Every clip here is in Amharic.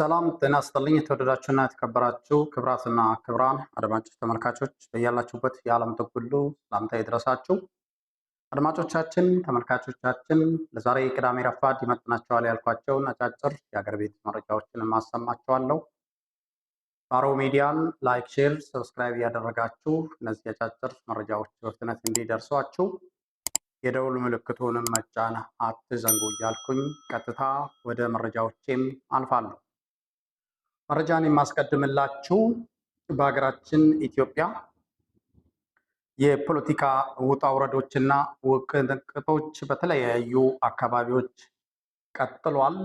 ሰላም ጤና ይስጥልኝ። የተወደዳችሁና የተከበራችሁ ክብራትና ክብራን አድማጮች ተመልካቾች በያላችሁበት የዓለም ጥግ ሁሉ ሰላምታ ይድረሳችሁ። አድማጮቻችን ተመልካቾቻችን፣ ለዛሬ ቅዳሜ ረፋድ ይመጥናቸዋል ያልኳቸውን አጫጭር የአገር ቤት መረጃዎችን ማሰማችኋለሁ። ባሮ ሚዲያን ላይክ፣ ሼር፣ ሰብስክራይብ እያደረጋችሁ እነዚህ አጫጭር መረጃዎች በፍጥነት እንዲደርሷችሁ የደውል ምልክቱንም መጫን አትዘንጉ እያልኩኝ ቀጥታ ወደ መረጃዎቼም አልፋለሁ። መረጃን የማስቀድምላችሁ በሀገራችን ኢትዮጵያ የፖለቲካ ውጣ ውረዶችና ውቅንቅጦች በተለያዩ አካባቢዎች ቀጥሏል።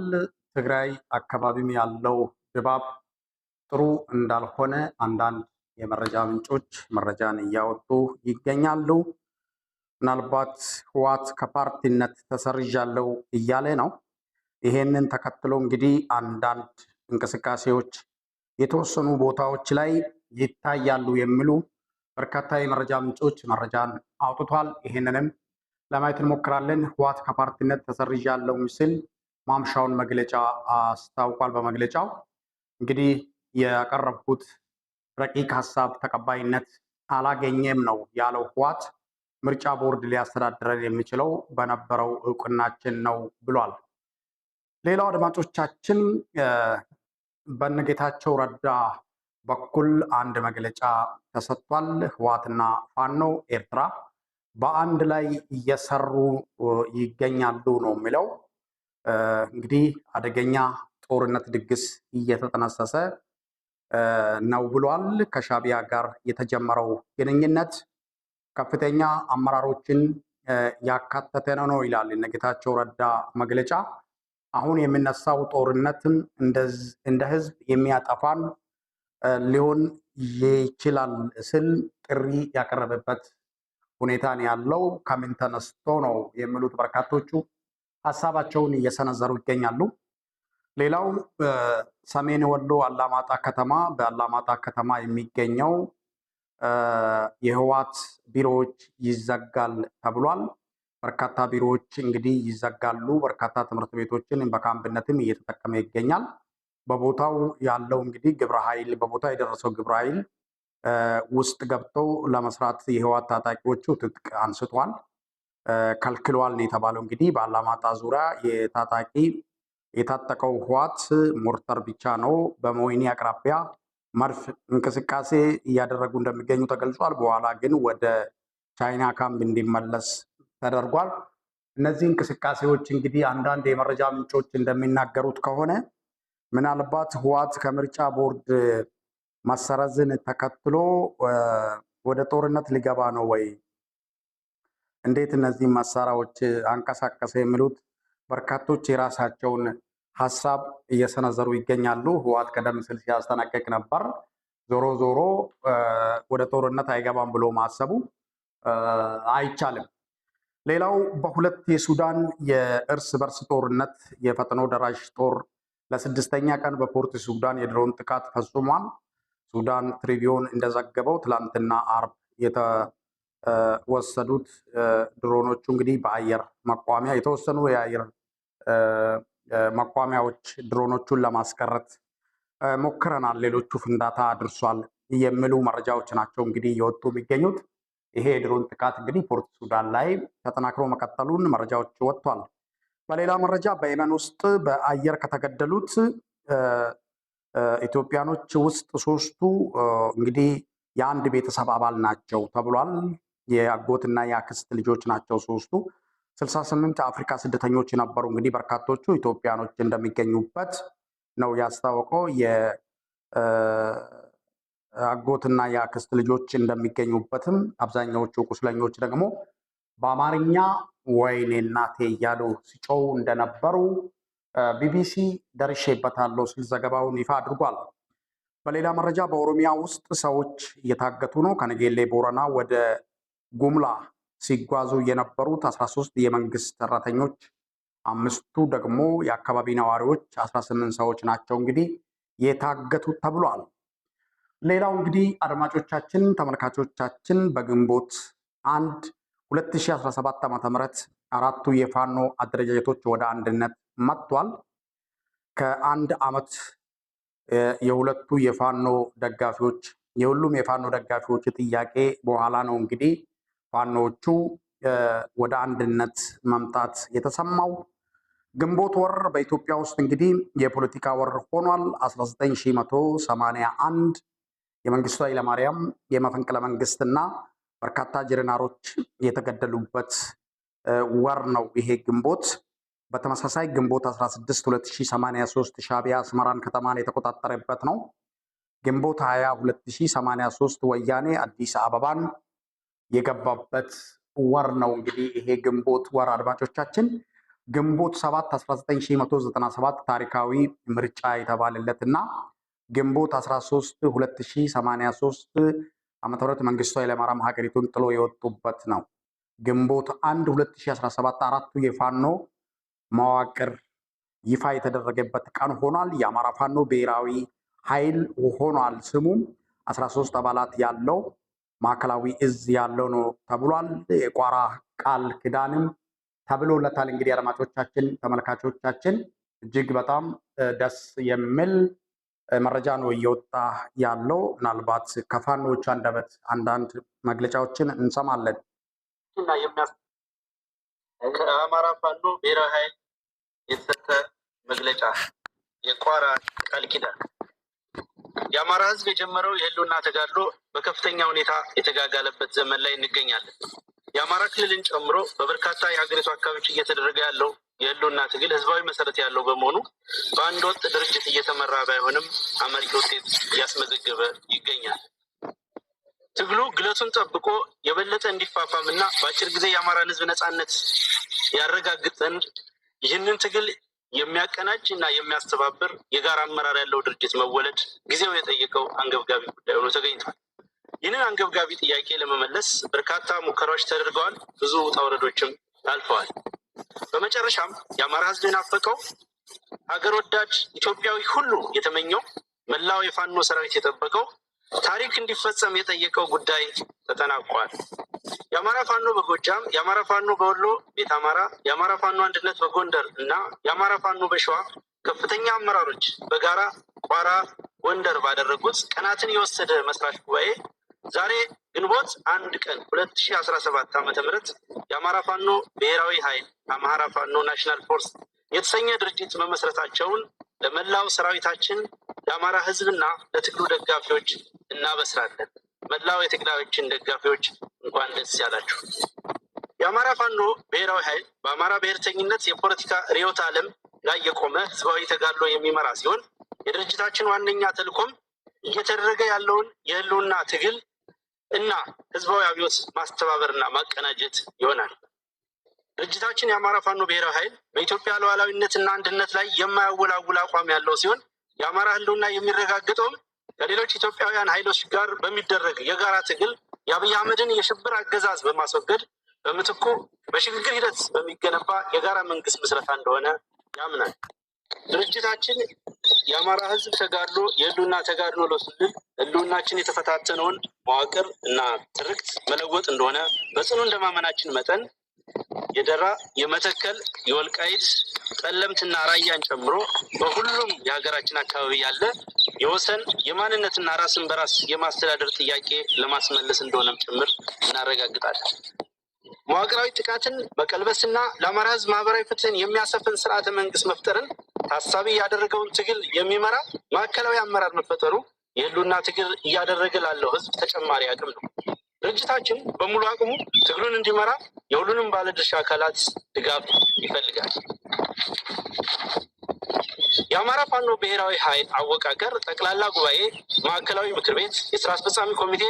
ትግራይ አካባቢም ያለው ድባብ ጥሩ እንዳልሆነ አንዳንድ የመረጃ ምንጮች መረጃን እያወጡ ይገኛሉ። ምናልባት ህዋት ከፓርቲነት ተሰርዣለው እያለ ነው። ይሄንን ተከትሎ እንግዲህ አንዳንድ እንቅስቃሴዎች የተወሰኑ ቦታዎች ላይ ይታያሉ የሚሉ በርካታ የመረጃ ምንጮች መረጃን አውጥቷል። ይህንንም ለማየት እንሞክራለን። ህወሓት ከፓርቲነት ተሰርዣለሁ ሲል ማምሻውን መግለጫ አስታውቋል። በመግለጫው እንግዲህ ያቀረብኩት ረቂቅ ሀሳብ ተቀባይነት አላገኘም ነው ያለው ህወሓት ምርጫ ቦርድ ሊያስተዳድረን የሚችለው በነበረው እውቅናችን ነው ብሏል። ሌላው አድማጮቻችን በነጌታቸው ረዳ በኩል አንድ መግለጫ ተሰጥቷል። ህወሓትና ፋኖ ኤርትራ በአንድ ላይ እየሰሩ ይገኛሉ ነው የሚለው። እንግዲህ አደገኛ ጦርነት ድግስ እየተጠነሰሰ ነው ብሏል። ከሻቢያ ጋር የተጀመረው ግንኙነት ከፍተኛ አመራሮችን ያካተተ ነው ነው ይላል የነጌታቸው ረዳ መግለጫ። አሁን የሚነሳው ጦርነትም እንደ ህዝብ የሚያጠፋን ሊሆን ይችላል ስል ጥሪ ያቀረበበት ሁኔታን ያለው ከምን ተነስቶ ነው የሚሉት በርካቶቹ ሀሳባቸውን እየሰነዘሩ ይገኛሉ። ሌላው ሰሜን ወሎ አላማጣ ከተማ በአላማጣ ከተማ የሚገኘው የህወሓት ቢሮዎች ይዘጋል ተብሏል። በርካታ ቢሮዎች እንግዲህ ይዘጋሉ። በርካታ ትምህርት ቤቶችን በካምፕነትም እየተጠቀመ ይገኛል። በቦታው ያለው እንግዲህ ግብረ ኃይል በቦታ የደረሰው ግብረ ኃይል ውስጥ ገብተው ለመስራት የህወሓት ታጣቂዎቹ ትጥቅ አንስቷል፣ ከልክሏል ነው የተባለው። እንግዲህ በአላማጣ ዙሪያ የታጣቂ የታጠቀው ህወሓት ሞርተር ብቻ ነው በመወይኒ አቅራቢያ መድፍ እንቅስቃሴ እያደረጉ እንደሚገኙ ተገልጿል። በኋላ ግን ወደ ቻይና ካምፕ እንዲመለስ ተደርጓል። እነዚህ እንቅስቃሴዎች እንግዲህ አንዳንድ የመረጃ ምንጮች እንደሚናገሩት ከሆነ ምናልባት ህወሓት ከምርጫ ቦርድ መሰረዝን ተከትሎ ወደ ጦርነት ሊገባ ነው ወይ፣ እንዴት እነዚህ መሳሪያዎች አንቀሳቀሰ የሚሉት በርካቶች የራሳቸውን ሀሳብ እየሰነዘሩ ይገኛሉ። ህወሓት ቀደም ሲል ሲያስጠነቅቅ ነበር። ዞሮ ዞሮ ወደ ጦርነት አይገባም ብሎ ማሰቡ አይቻልም። ሌላው በሁለት የሱዳን የእርስ በርስ ጦርነት የፈጥኖ ደራሽ ጦር ለስድስተኛ ቀን በፖርት ሱዳን የድሮን ጥቃት ፈጽሟል። ሱዳን ትሪቢዮን እንደዘገበው ትላንትና አርብ የተወሰዱት ድሮኖቹ እንግዲህ በአየር መቋሚያ የተወሰኑ የአየር መቋሚያዎች ድሮኖቹን ለማስቀረት ሞክረናል፣ ሌሎቹ ፍንዳታ አድርሷል የሚሉ መረጃዎች ናቸው እንግዲህ እየወጡ የሚገኙት። ይሄ የድሮን ጥቃት እንግዲህ ፖርት ሱዳን ላይ ተጠናክሮ መቀጠሉን መረጃዎች ወጥቷል። በሌላ መረጃ በየመን ውስጥ በአየር ከተገደሉት ኢትዮጵያኖች ውስጥ ሶስቱ እንግዲህ የአንድ ቤተሰብ አባል ናቸው ተብሏል። የአጎትና የአክስት ልጆች ናቸው ሶስቱ። ስልሳ ስምንት የአፍሪካ ስደተኞች ነበሩ። እንግዲህ በርካቶቹ ኢትዮጵያኖች እንደሚገኙበት ነው ያስታወቀው። አጎትና የአክስት ልጆች እንደሚገኙበትም አብዛኛዎቹ ቁስለኞች ደግሞ በአማርኛ ወይኔ እናቴ እያሉ ሲጮው እንደነበሩ ቢቢሲ ደርሼበታለሁ ሲል ዘገባውን ይፋ አድርጓል። በሌላ መረጃ በኦሮሚያ ውስጥ ሰዎች እየታገቱ ነው። ከነጌሌ ቦረና ወደ ጉምላ ሲጓዙ የነበሩት 13 የመንግስት ሰራተኞች፣ አምስቱ ደግሞ የአካባቢ ነዋሪዎች 18 ሰዎች ናቸው እንግዲህ የታገቱት ተብሏል። ሌላው እንግዲህ አድማጮቻችን፣ ተመልካቾቻችን በግንቦት አንድ 2017 .ም አራቱ የፋኖ አደረጃጀቶች ወደ አንድነት መጥቷል። ከአንድ ዓመት የሁለቱ የፋኖ ደጋፊዎች የሁሉም የፋኖ ደጋፊዎች ጥያቄ በኋላ ነው እንግዲህ ፋኖዎቹ ወደ አንድነት መምጣት የተሰማው። ግንቦት ወር በኢትዮጵያ ውስጥ እንግዲህ የፖለቲካ ወር ሆኗል። 1981 የመንግስቱ ኃይለማርያም የመፈንቅለ መንግስትና በርካታ ጀነራሎች የተገደሉበት ወር ነው ይሄ ግንቦት። በተመሳሳይ ግንቦት 16 2083 ሻቢያ አስመራን ከተማን የተቆጣጠረበት ነው። ግንቦት 20 2083 ወያኔ አዲስ አበባን የገባበት ወር ነው። እንግዲህ ይሄ ግንቦት ወር አድማጮቻችን ግንቦት 7 1997 ታሪካዊ ምርጫ የተባለለት እና ግንቦት 13 2083 ዓመተ ምህረት መንግስቱ ኃይለማርያም ሀገሪቱን ጥሎ የወጡበት ነው። ግንቦት 1 2017 አራቱ የፋኖ መዋቅር ይፋ የተደረገበት ቀን ሆኗል። የአማራ ፋኖ ብሔራዊ ኃይል ሆኗል። ስሙም 13 አባላት ያለው ማዕከላዊ እዝ ያለው ነው ተብሏል። የቋራ ቃል ክዳንም ተብሎለታል። እንግዲህ አድማጮቻችን፣ ተመልካቾቻችን እጅግ በጣም ደስ የሚል መረጃ ነው እየወጣ ያለው። ምናልባት ከፋኖቹ አንደበት አንዳንድ መግለጫዎችን እንሰማለን። ከአማራ ፋኖ ብሔራዊ ኃይል የተሰጠ መግለጫ የቋራ ቃል ኪዳን የአማራ ሕዝብ የጀመረው የህልውና ተጋድሎ በከፍተኛ ሁኔታ የተጋጋለበት ዘመን ላይ እንገኛለን። የአማራ ክልልን ጨምሮ በበርካታ የሀገሪቱ አካባቢዎች እየተደረገ ያለው የህልውና ትግል ህዝባዊ መሰረት ያለው በመሆኑ በአንድ ወጥ ድርጅት እየተመራ ባይሆንም አመርቂ ውጤት እያስመዘገበ ይገኛል። ትግሉ ግለቱን ጠብቆ የበለጠ እንዲፋፋም እና በአጭር ጊዜ የአማራን ህዝብ ነጻነት ያረጋግጠን ይህንን ትግል የሚያቀናጅ እና የሚያስተባብር የጋራ አመራር ያለው ድርጅት መወለድ ጊዜው የጠየቀው አንገብጋቢ ጉዳይ ሆኖ ተገኝቷል። ይህንን አንገብጋቢ ጥያቄ ለመመለስ በርካታ ሙከራዎች ተደርገዋል። ብዙ ውጣ ውረዶችም አልፈዋል። በመጨረሻም የአማራ ህዝብ የናፈቀው ሀገር ወዳድ ኢትዮጵያዊ ሁሉ የተመኘው መላው የፋኖ ሰራዊት የጠበቀው ታሪክ እንዲፈጸም የጠየቀው ጉዳይ ተጠናቋል። የአማራ ፋኖ በጎጃም፣ የአማራ ፋኖ በወሎ ቤት አማራ፣ የአማራ ፋኖ አንድነት በጎንደር እና የአማራ ፋኖ በሸዋ ከፍተኛ አመራሮች በጋራ ቋራ ጎንደር ባደረጉት ቀናትን የወሰደ መስራች ጉባኤ ዛሬ ግንቦት አንድ ቀን ሁለት ሺ አስራ ሰባት የአማራ ፋኖ ብሔራዊ ኃይል አማራ ፋኖ ናሽናል ፎርስ የተሰኘ ድርጅት መመስረታቸውን ለመላው ሰራዊታችን ለአማራ ህዝብና ለትግሉ ደጋፊዎች እናበስራለን። መላው የትግላዮችን ደጋፊዎች እንኳን ደስ ያላችሁ። የአማራ ፋኖ ብሔራዊ ኃይል በአማራ ብሔርተኝነት የፖለቲካ ርዕዮተ ዓለም ላይ የቆመ ህዝባዊ ተጋድሎ የሚመራ ሲሆን የድርጅታችን ዋነኛ ተልዕኮም እየተደረገ ያለውን የህልውና ትግል እና ህዝባዊ አብዮት ማስተባበርና ማቀናጀት ይሆናል። ድርጅታችን የአማራ ፋኖ ብሔራዊ ኃይል በኢትዮጵያ ሉዓላዊነትና አንድነት ላይ የማያወላውል አቋም ያለው ሲሆን የአማራ ህልውና የሚረጋግጠውም ከሌሎች ኢትዮጵያውያን ኃይሎች ጋር በሚደረግ የጋራ ትግል የአብይ አህመድን የሽብር አገዛዝ በማስወገድ በምትኩ በሽግግር ሂደት በሚገነባ የጋራ መንግስት ምስረታ እንደሆነ ያምናል። ድርጅታችን የአማራ ህዝብ ተጋድሎ የህልውና ተጋድሎ ነው ስንል ህልውናችን የተፈታተነውን መዋቅር እና ትርክት መለወጥ እንደሆነ በጽኑ እንደማመናችን መጠን የደራ፣ የመተከል፣ የወልቃይት፣ ጠለምትና ራያን ጨምሮ በሁሉም የሀገራችን አካባቢ ያለ የወሰን የማንነትና ራስን በራስ የማስተዳደር ጥያቄ ለማስመለስ እንደሆነም ጭምር እናረጋግጣለን። መዋቅራዊ ጥቃትን መቀልበስና ለአማራ ሕዝብ ማህበራዊ ፍትህን የሚያሰፍን ስርዓተ መንግስት መፍጠርን ታሳቢ ያደረገውን ትግል የሚመራ ማዕከላዊ አመራር መፈጠሩ የህሉና ትግል እያደረገ ላለው ሕዝብ ተጨማሪ አቅም ነው። ድርጅታችን በሙሉ አቅሙ ትግሉን እንዲመራ የሁሉንም ባለድርሻ አካላት ድጋፍ ይፈልጋል። የአማራ ፋኖ ብሔራዊ ኃይል አወቃቀር ጠቅላላ ጉባኤ፣ ማዕከላዊ ምክር ቤት፣ የስራ አስፈጻሚ ኮሚቴ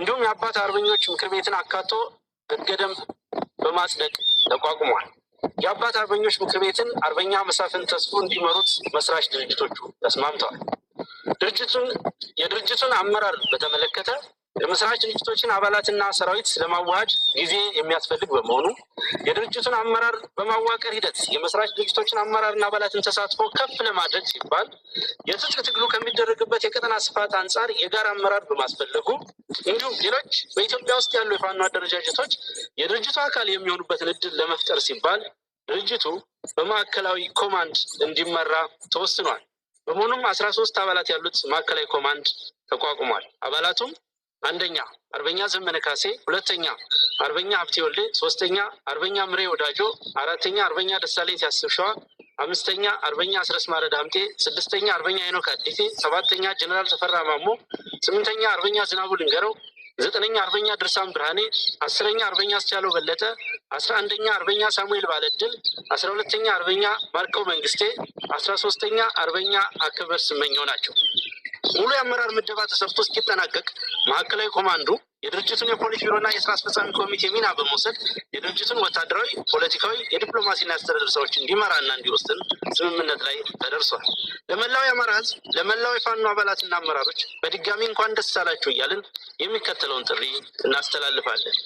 እንዲሁም የአባት አርበኞች ምክር ቤትን አካቶ ህገደንብ በማጽደቅ ተቋቁሟል። የአባት አርበኞች ምክር ቤትን አርበኛ መሳፍን ተስፎ እንዲመሩት መስራች ድርጅቶቹ ተስማምተዋል። ድርጅቱን የድርጅቱን አመራር በተመለከተ የመስራች ድርጅቶችን አባላትና ሰራዊት ለማዋሃድ ጊዜ የሚያስፈልግ በመሆኑ የድርጅቱን አመራር በማዋቀር ሂደት የመስራች ድርጅቶችን አመራርና አባላትን ተሳትፎ ከፍ ለማድረግ ሲባል የትጥቅ ትግሉ ከሚደረግበት የቀጠና ስፋት አንጻር የጋራ አመራር በማስፈለጉ እንዲሁም ሌሎች በኢትዮጵያ ውስጥ ያሉ የፋኖ አደረጃጀቶች የድርጅቱ አካል የሚሆኑበትን እድል ለመፍጠር ሲባል ድርጅቱ በማዕከላዊ ኮማንድ እንዲመራ ተወስኗል። በመሆኑም አስራ ሶስት አባላት ያሉት ማዕከላዊ ኮማንድ ተቋቁሟል። አባላቱም አንደኛ አርበኛ ዘመነ ካሴ፣ ሁለተኛ አርበኛ ሀብቴ ወልዴ፣ ሶስተኛ አርበኛ ምሬ ወዳጆ፣ አራተኛ አርበኛ ደሳሌ ሲያስብ ሸዋ፣ አምስተኛ አርበኛ አስረስ ማረድ ሀምጤ፣ ስድስተኛ አርበኛ ሄኖክ አዲቴ፣ ሰባተኛ ጀኔራል ተፈራ ማሞ፣ ስምንተኛ አርበኛ ዝናቡ ልንገረው፣ ዘጠነኛ አርበኛ ድርሳም ብርሃኔ፣ አስረኛ አርበኛ አስቻለው በለጠ፣ አስራ አንደኛ አርበኛ ሳሙኤል ባለድል፣ አስራ ሁለተኛ አርበኛ ማርቀው መንግስቴ፣ አስራ ሶስተኛ አርበኛ አከበር ስመኘው ናቸው። ሙሉ የአመራር ምደባ ተሰርቶ እስኪጠናቀቅ ማዕከላዊ ኮማንዶ የድርጅቱን የፖሊስ ቢሮና የስራ አስፈጻሚ ኮሚቴ ሚና በመውሰድ የድርጅቱን ወታደራዊ፣ ፖለቲካዊ፣ የዲፕሎማሲና አስተዳደር ስራዎች እንዲመራና እንዲወስን ስምምነት ላይ ተደርሷል። ለመላው የአማራ ህዝብ፣ ለመላው የፋኖ አባላትና አመራሮች በድጋሚ እንኳን ደስ አላችሁ እያልን የሚከተለውን ጥሪ እናስተላልፋለን።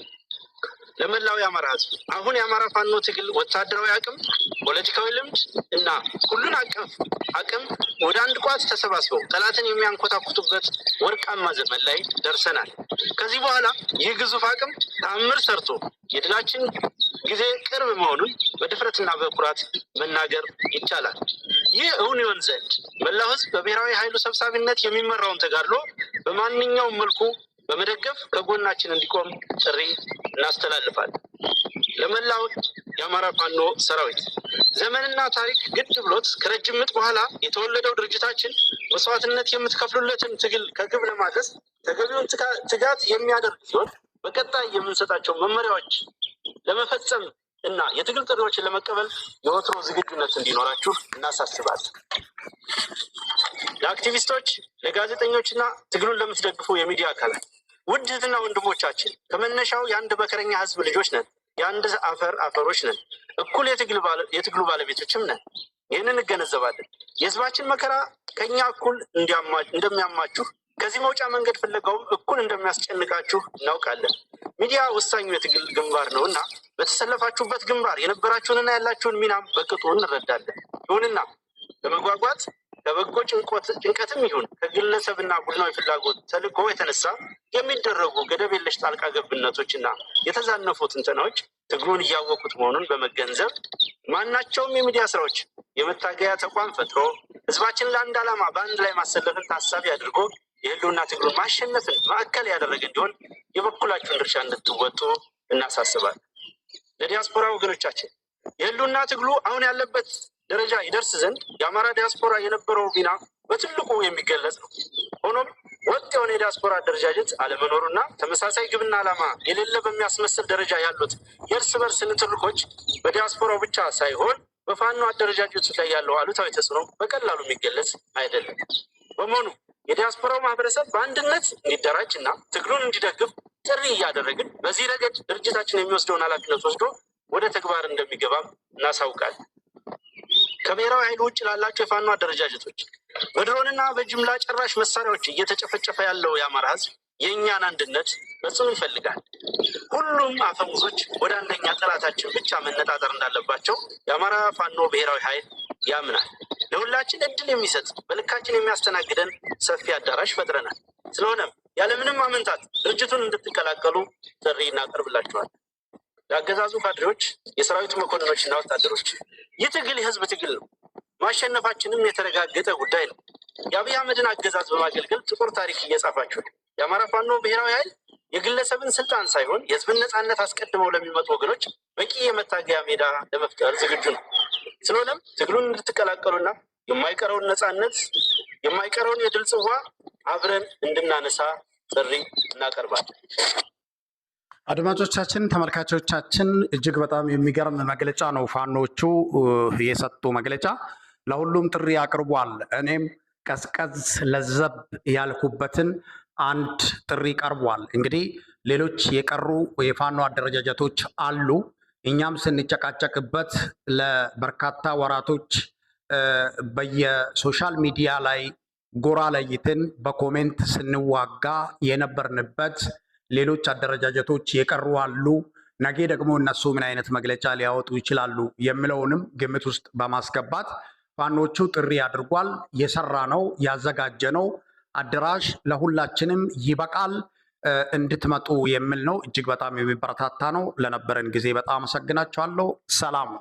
ለመላው የአማራ ህዝብ አሁን የአማራ ፋኖ ትግል ወታደራዊ አቅም፣ ፖለቲካዊ ልምድ እና ሁሉን አቀፍ አቅም ወደ አንድ ቋት ተሰባስበው ጠላትን የሚያንኮታኩቱበት ወርቃማ ዘመን ላይ ደርሰናል። ከዚህ በኋላ ይህ ግዙፍ አቅም ተአምር ሰርቶ የድላችን ጊዜ ቅርብ መሆኑን በድፍረትና በኩራት መናገር ይቻላል። ይህ እውን ይሆን ዘንድ መላው ህዝብ በብሔራዊ ኃይሉ ሰብሳቢነት የሚመራውን ተጋድሎ በማንኛውም መልኩ በመደገፍ ከጎናችን እንዲቆም ጥሪ እናስተላልፋለን። ለመላው የአማራ ፋኖ ሰራዊት ዘመንና ታሪክ ግድ ብሎት ከረጅም ምጥ በኋላ የተወለደው ድርጅታችን መስዋዕትነት የምትከፍሉለትን ትግል ከግብ ለማድረስ ተገቢውን ትጋት የሚያደርግ ሲሆን በቀጣይ የምንሰጣቸው መመሪያዎች ለመፈጸም እና የትግል ጥሪዎችን ለመቀበል የወትሮ ዝግጁነት እንዲኖራችሁ እናሳስባለን። ለአክቲቪስቶች፣ ለጋዜጠኞችና ትግሉን ለምትደግፉ የሚዲያ አካላት ውድ እህትና ወንድሞቻችን ከመነሻው የአንድ መከረኛ ህዝብ ልጆች ነን። የአንድ አፈር አፈሮች ነን። እኩል የትግሉ ባለቤቶችም ነን። ይህንን እንገነዘባለን። የህዝባችን መከራ ከኛ እኩል እንደሚያማችሁ፣ ከዚህ መውጫ መንገድ ፍለጋውም እኩል እንደሚያስጨንቃችሁ እናውቃለን። ሚዲያ ወሳኙ የትግል ግንባር ነው እና በተሰለፋችሁበት ግንባር የነበራችሁንና ያላችሁን ሚናም በቅጡ እንረዳለን። ይሁንና ለመጓጓት ለበጎ ጭንቀትም ይሁን ከግለሰብና ቡድናዊ ፍላጎት ተልዕኮ የተነሳ የሚደረጉ ገደብ የለሽ ጣልቃ ገብነቶችና የተዛነፉ ትንተናዎች ትግሉን እያወቁት መሆኑን በመገንዘብ ማናቸውም የሚዲያ ስራዎች የመታገያ ተቋም ፈጥሮ ህዝባችን ለአንድ ዓላማ በአንድ ላይ ማሰለፍን ታሳቢ አድርጎ የህልውና ትግሉን ማሸነፍን ማዕከል ያደረገ እንዲሆን የበኩላችሁን ድርሻ እንድትወጡ እናሳስባል። ለዲያስፖራ ወገኖቻችን የህልውና ትግሉ አሁን ያለበት ደረጃ ይደርስ ዘንድ የአማራ ዲያስፖራ የነበረው ሚና በትልቁ የሚገለጽ ነው። ሆኖም ወጥ የሆነ የዲያስፖራ አደረጃጀት አለመኖሩና ተመሳሳይ ግብና ዓላማ የሌለ በሚያስመስል ደረጃ ያሉት የእርስ በርስ ንትርኮች በዲያስፖራው ብቻ ሳይሆን በፋኖ አደረጃጀቱ ላይ ያለው አሉታዊ ተጽዕኖ በቀላሉ የሚገለጽ አይደለም። በመሆኑ የዲያስፖራው ማህበረሰብ በአንድነት እንዲደራጅ እና ትግሉን እንዲደግፍ ጥሪ እያደረግን በዚህ ረገድ ድርጅታችን የሚወስደውን ኃላፊነት ወስዶ ወደ ተግባር እንደሚገባም እናሳውቃል። ከብሔራዊ ኃይል ውጭ ላላቸው የፋኖ አደረጃጀቶች በድሮንና በጅምላ ጨራሽ መሳሪያዎች እየተጨፈጨፈ ያለው የአማራ ህዝብ የእኛን አንድነት በጽኑ ይፈልጋል። ሁሉም አፈሙዞች ወደ አንደኛ ጠላታችን ብቻ መነጣጠር እንዳለባቸው የአማራ ፋኖ ብሔራዊ ኃይል ያምናል። ለሁላችን እድል የሚሰጥ በልካችን የሚያስተናግደን ሰፊ አዳራሽ ፈጥረናል። ስለሆነም ያለምንም አመንታት ድርጅቱን እንድትቀላቀሉ ጥሪ እናቀርብላችኋል። የአገዛዙ ካድሬዎች፣ የሰራዊቱ መኮንኖችና ወታደሮች። ይህ ትግል የህዝብ ትግል ነው። ማሸነፋችንም የተረጋገጠ ጉዳይ ነው። የአብይ አህመድን አገዛዝ በማገልገል ጥቁር ታሪክ እየጻፋችሁ ነው። የአማራ ፋኖ ብሔራዊ ኃይል የግለሰብን ስልጣን ሳይሆን የህዝብን ነጻነት አስቀድመው ለሚመጡ ወገኖች በቂ የመታገያ ሜዳ ለመፍጠር ዝግጁ ነው። ስለሆነም ትግሉን እንድትቀላቀሉና የማይቀረውን ነጻነት የማይቀረውን የድል ጽዋ አብረን እንድናነሳ ጥሪ እናቀርባለን። አድማጮቻችን ተመልካቾቻችን፣ እጅግ በጣም የሚገርም መግለጫ ነው ፋኖቹ የሰጡ መግለጫ። ለሁሉም ጥሪ አቅርቧል። እኔም ቀዝቀዝ ለዘብ ያልኩበትን አንድ ጥሪ ቀርቧል። እንግዲህ ሌሎች የቀሩ የፋኖ አደረጃጀቶች አሉ። እኛም ስንጨቃጨቅበት ለበርካታ ወራቶች በየሶሻል ሚዲያ ላይ ጎራ ለይትን በኮሜንት ስንዋጋ የነበርንበት ሌሎች አደረጃጀቶች የቀሩ አሉ። ነገ ደግሞ እነሱ ምን አይነት መግለጫ ሊያወጡ ይችላሉ የሚለውንም ግምት ውስጥ በማስገባት ፋኖቹ ጥሪ አድርጓል። የሰራ ነው ያዘጋጀ ነው አዳራሽ ለሁላችንም ይበቃል እንድትመጡ የሚል ነው። እጅግ በጣም የሚበረታታ ነው። ለነበረን ጊዜ በጣም አመሰግናችኋለሁ። ሰላም